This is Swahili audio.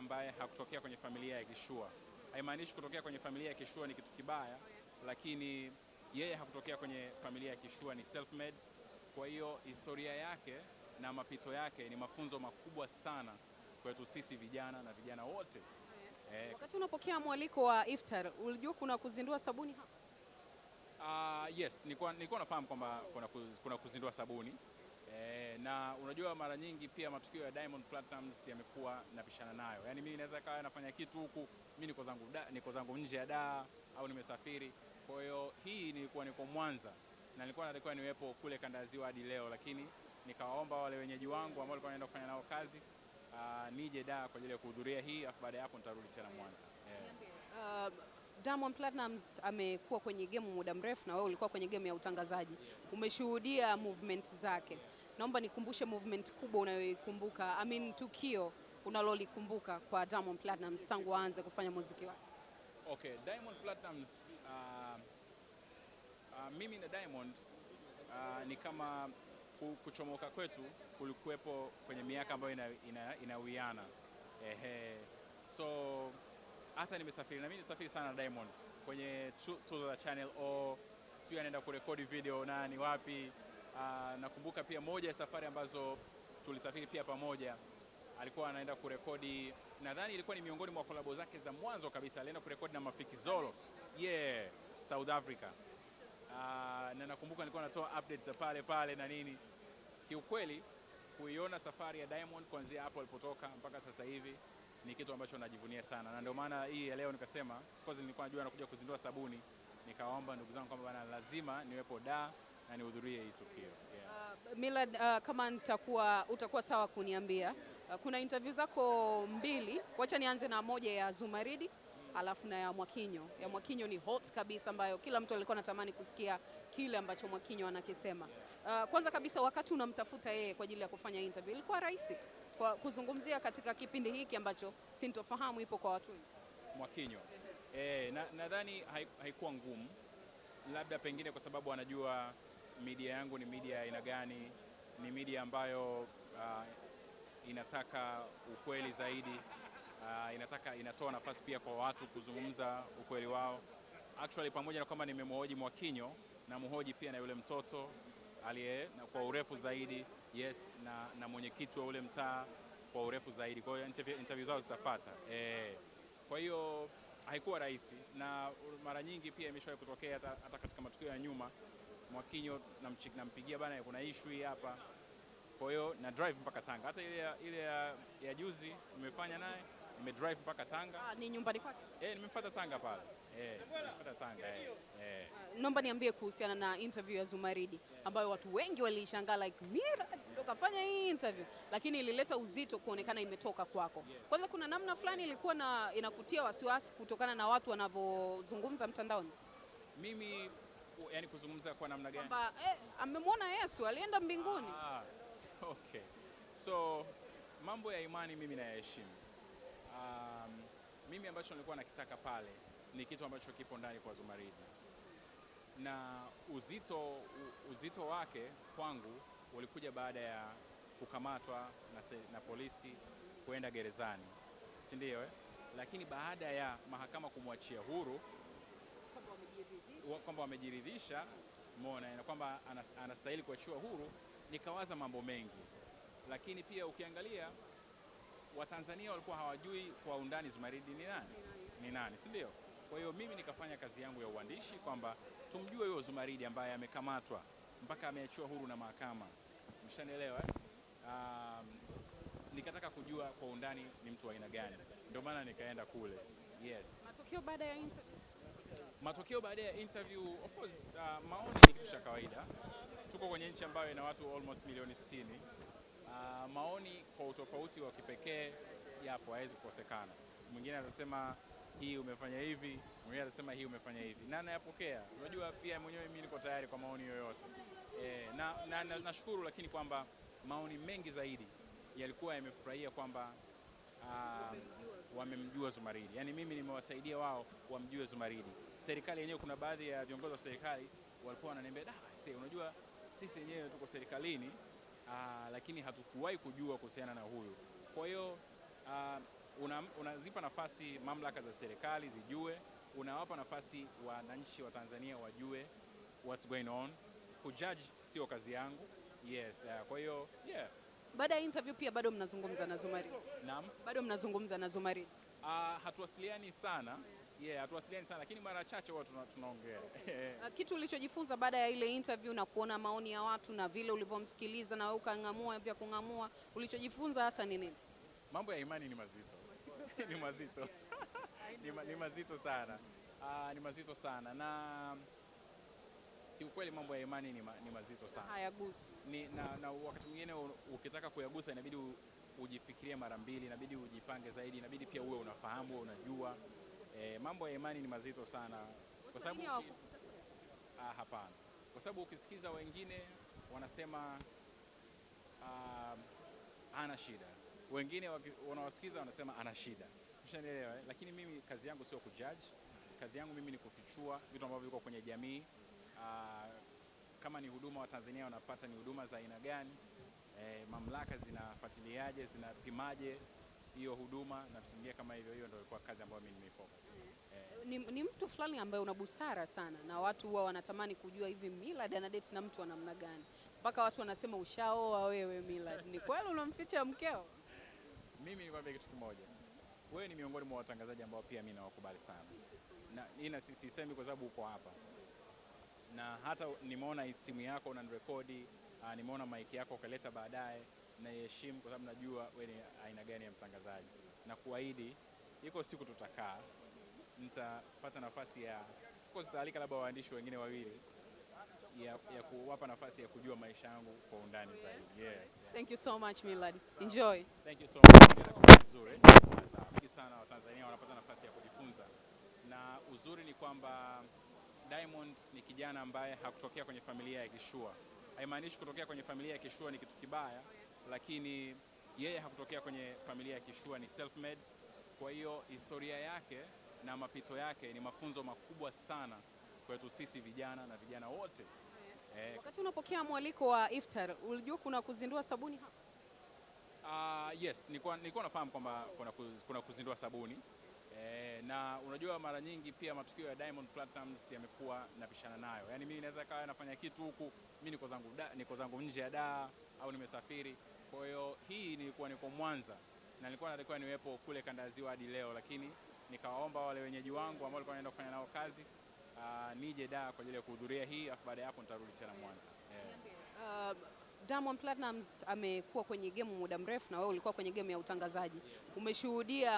ambaye hakutokea kwenye familia ya kishua. Haimaanishi kutokea kwenye familia ya kishua ni kitu kibaya, lakini yeye hakutokea kwenye familia ya kishua, ni self made. Kwa hiyo historia yake na mapito yake ni mafunzo makubwa sana kwetu sisi vijana na vijana wote. Eh, wakati unapokea mwaliko wa iftar ulijua kuna kuzindua sabuni hapa? Uh, yes, nilikuwa nafahamu kwamba kuna kuzindua sabuni e, na unajua mara nyingi pia matukio ya Diamond Platnumz yamekuwa napishana nayo, yaani mimi naweza kawa nafanya kitu huku mimi niko zangu niko zangu nje ya daa au nimesafiri. Kwa hiyo hii nilikuwa niko Mwanza na nilikuwa natakiwa niwepo kule kanda ya Ziwa hadi leo, lakini nikawaomba wale wenyeji wangu ambao walikuwa naenda kufanya nao kazi Uh, nije da kwa ajili ya kuhudhuria hii afu baada ya hapo nitarudi tena Mwanza. Yeah. Uh, Diamond Platnumz amekuwa kwenye game muda mrefu na wewe ulikuwa kwenye game ya utangazaji. Yeah. Umeshuhudia movement zake. Yeah naomba nikumbushe movement kubwa unayoikumbuka, I mean tukio unalolikumbuka kwa Diamond Platnumz tangu aanze kufanya muziki wake. Okay, Diamond Platnumz uh, uh, mimi na Diamond uh, ni kama kuchomoka kwetu kulikuwepo kwenye miaka ambayo inawiana, ina, ina so hata nimesafiri na mimi nisafiri sana na Diamond kwenye tuzo za Channel O, oh, sijui anaenda kurekodi video nani wapi Ah, nakumbuka pia moja ya safari ambazo tulisafiri pia pamoja, alikuwa anaenda kurekodi, nadhani ilikuwa ni miongoni mwa kolabo zake za mwanzo kabisa, alienda kurekodi na Mafikizolo yeah, South Africa. Aa, ah, na nakumbuka nilikuwa natoa updates za pale pale na nini. Kiukweli kuiona safari ya Diamond kuanzia hapo alipotoka mpaka sasa hivi ni kitu ambacho najivunia sana, na ndio maana hii ya leo nikasema, of course nilikuwa najua anakuja kuzindua sabuni, nikaomba ndugu zangu kwamba lazima niwepo da na nihudhurie hii tukio yeah. Uh, Millard, uh, kama nitakuwa utakuwa sawa kuniambia uh, kuna interview zako mbili, wacha nianze na moja ya Zumaridi alafu na ya Mwakinyo. Ya Mwakinyo ni hot kabisa, ambayo kila mtu alikuwa anatamani kusikia kile ambacho Mwakinyo anakisema. Uh, kwanza kabisa, wakati unamtafuta yeye kwa ajili ya kufanya interview ilikuwa rahisi kwa kuzungumzia katika kipindi hiki ambacho sintofahamu ipo kwa watu wengi Mwakinyo? Eh, nadhani na haikuwa ngumu, labda pengine kwa sababu anajua media yangu ni media ya aina gani, ni media ambayo uh, inataka ukweli zaidi uh, inataka inatoa nafasi pia kwa watu kuzungumza ukweli wao. Actually, pamoja na kwamba nimemhoji Mwakinyo na mhoji pia na yule mtoto aliye kwa urefu zaidi, yes, na, na mwenyekiti wa ule mtaa kwa urefu zaidi. Kwa hiyo interview, interview zao zitafata e. Kwa hiyo haikuwa rahisi, na mara nyingi pia imeshawahi kutokea hata katika matukio ya nyuma Mwakinyo nampigia bana, kuna issue hii hapa, kwa hiyo na drive mpaka Tanga. Hata ile ile ya, ya juzi nimefanya naye nime drive mpaka Tanga. Ah, ni nyumbani kwake? Eh, nimefuata Tanga pale. Eh, nimefuata Tanga. Eh. Eh. Ah, naomba niambie kuhusiana na interview ya Zumaridi ambayo watu wengi walishangaa like Mira ndio kafanya hii interview, lakini ilileta uzito kuonekana imetoka kwako. Kwanza kuna namna fulani ilikuwa na inakutia wasiwasi kutokana na watu wanavyozungumza mtandaoni? Mimi yani kuzungumza kwa namna gani? eh, amemwona Yesu alienda mbinguni. Ah, okay. So mambo ya imani mimi nayaheshimu. Um, mimi ambacho nilikuwa nakitaka pale ni kitu ambacho kipo ndani kwa Zumaridi, na uzito, uzito wake kwangu ulikuja baada ya kukamatwa na, se, na polisi kuenda gerezani, si ndio eh? Lakini baada ya mahakama kumwachia huru kwamba wamejiridhisha mona na kwamba anastahili kuachiwa huru, nikawaza mambo mengi, lakini pia ukiangalia Watanzania walikuwa hawajui kwa undani Zumaridi ni nani, ni nani, si ndio? Kwa hiyo mimi nikafanya kazi yangu ya uandishi kwamba tumjue huyo Zumaridi ambaye amekamatwa mpaka ameachiwa huru na mahakama, mshanielewa. Eh? Um, nikataka kujua kwa undani ni mtu wa aina gani, ndio maana nikaenda kule. Yes, matukio baada ya interview Matokeo baada ya interview, of course, uh, maoni ni kitu cha kawaida. Tuko kwenye nchi ambayo ina watu almost milioni 60. Uh, maoni kwa utofauti wa kipekee yapo, hawezi kukosekana. Mwingine atasema hii umefanya hivi, mwingine atasema hii umefanya hivi, na nayapokea. Unajua pia mwenyewe mimi niko tayari kwa maoni yoyote e, na nashukuru na, na lakini kwamba maoni mengi zaidi yalikuwa yamefurahia kwamba uh, wamemjua Zumaridi. Yaani mimi nimewasaidia wao wamjue Zumaridi. Serikali yenyewe, kuna baadhi ya viongozi wa serikali walikuwa wananiambia da, see, unajua sisi wenyewe tuko serikalini uh, lakini hatukuwahi kujua kuhusiana na huyu. Kwa hiyo uh, unazipa una nafasi mamlaka za serikali zijue, unawapa nafasi wananchi wa Tanzania wajue what's going on. Kujudge sio kazi yangu. Yes, uh, kwa hiyo yeah baada ya interview pia bado mnazungumza na Zumari? Naam. Bado mnazungumza na Zumaridi? Uh, ah, hatuwasiliani sana yeah, hatuwasiliani sana lakini mara chache huwa tunaongea. Uh, kitu ulichojifunza baada ya ile interview na kuona maoni ya watu na vile ulivyomsikiliza na wewe ukang'amua vya kung'amua, ulichojifunza hasa ni nini? Mambo ya imani ni mazito ni mazito ni, ma, ni mazito sana uh, ni mazito sana na kiukweli mambo ya imani ni, ma, ni mazito sana hayagusi ni, na, na wakati mwingine ukitaka kuyagusa inabidi ujifikirie mara mbili, inabidi ujipange zaidi, inabidi pia uwe unafahamu, uwe unajua e, mambo ya imani ni mazito sana kwa sababu ah, hapana, kwa sababu ukisikiza wengine wanasema ah, um, ana shida, wengine wanawasikiza wanasema ana shida, ushanielewa. Eh? Lakini mimi kazi yangu sio kujudge, kazi yangu mimi ni kufichua vitu ambavyo viko kwenye jamii Ah, kama ni huduma Watanzania wanapata ni huduma za aina gani, e, mamlaka zinafuatiliaje, zinapimaje hiyo huduma na tuingia kama hivyo. Hiyo ndio ilikuwa kazi ambayo mimi nimefocus. Eh. Ni, ni mtu fulani ambaye una busara sana na watu huwa wanatamani kujua hivi Millard date na mtu wa namna gani, mpaka watu wanasema ushaoa wewe Millard. Ni kweli unamficha mkeo? Mimi nikwambia kitu kimoja, wewe ni miongoni mwa watangazaji ambao pia mimi nawakubali sana, na ina sisemi kwa sababu uko hapa na hata nimeona simu yako unanirekodi, uh, ah, nimeona maiki yako ukaleta baadaye, naiheshimu kwa sababu najua wewe ni aina gani ya mtangazaji, na kuahidi iko siku tutakaa, nitapata nafasi ya taalika labda waandishi wengine wawili ya, ya kuwapa nafasi ya kujua maisha yangu kwa undani zaidi. Yeah, yeah. Thank you so much Millard. Enjoy. Thank you so much. kijana ambaye hakutokea kwenye familia ya kishua. Haimaanishi kutokea kwenye familia ya kishua ni kitu kibaya, lakini yeye hakutokea kwenye familia ya kishua, ni self made. Kwa hiyo historia yake na mapito yake ni mafunzo makubwa sana kwetu sisi vijana na vijana wote. Eh, wakati unapokea mwaliko wa iftar ulijua kuna kuzindua sabuni hapa? Uh, yes, nilikuwa nafahamu kwamba kuna kuzindua sabuni e, na unajua mara nyingi pia matukio ya Diamond Platnumz yamekuwa napishana nayo, yaani mimi naweza kawa nafanya kitu huku mimi niko zangu niko zangu nje ya daa au nimesafiri. Kwa hiyo hii nilikuwa niko Mwanza na nilikuwa natakiwa niwepo kule kanda ya ziwa hadi leo, lakini nikawaomba wale wenyeji wangu ambao walikuwa naenda kufanya nao kazi Uh, nije da kwa ajili ya kuhudhuria hii afu baada ya hapo nitarudi tena Mwanza. Yeah. Uh, um, Diamond Platnumz amekuwa kwenye gemu muda mrefu na wewe ulikuwa kwenye gemu ya utangazaji. Umeshuhudia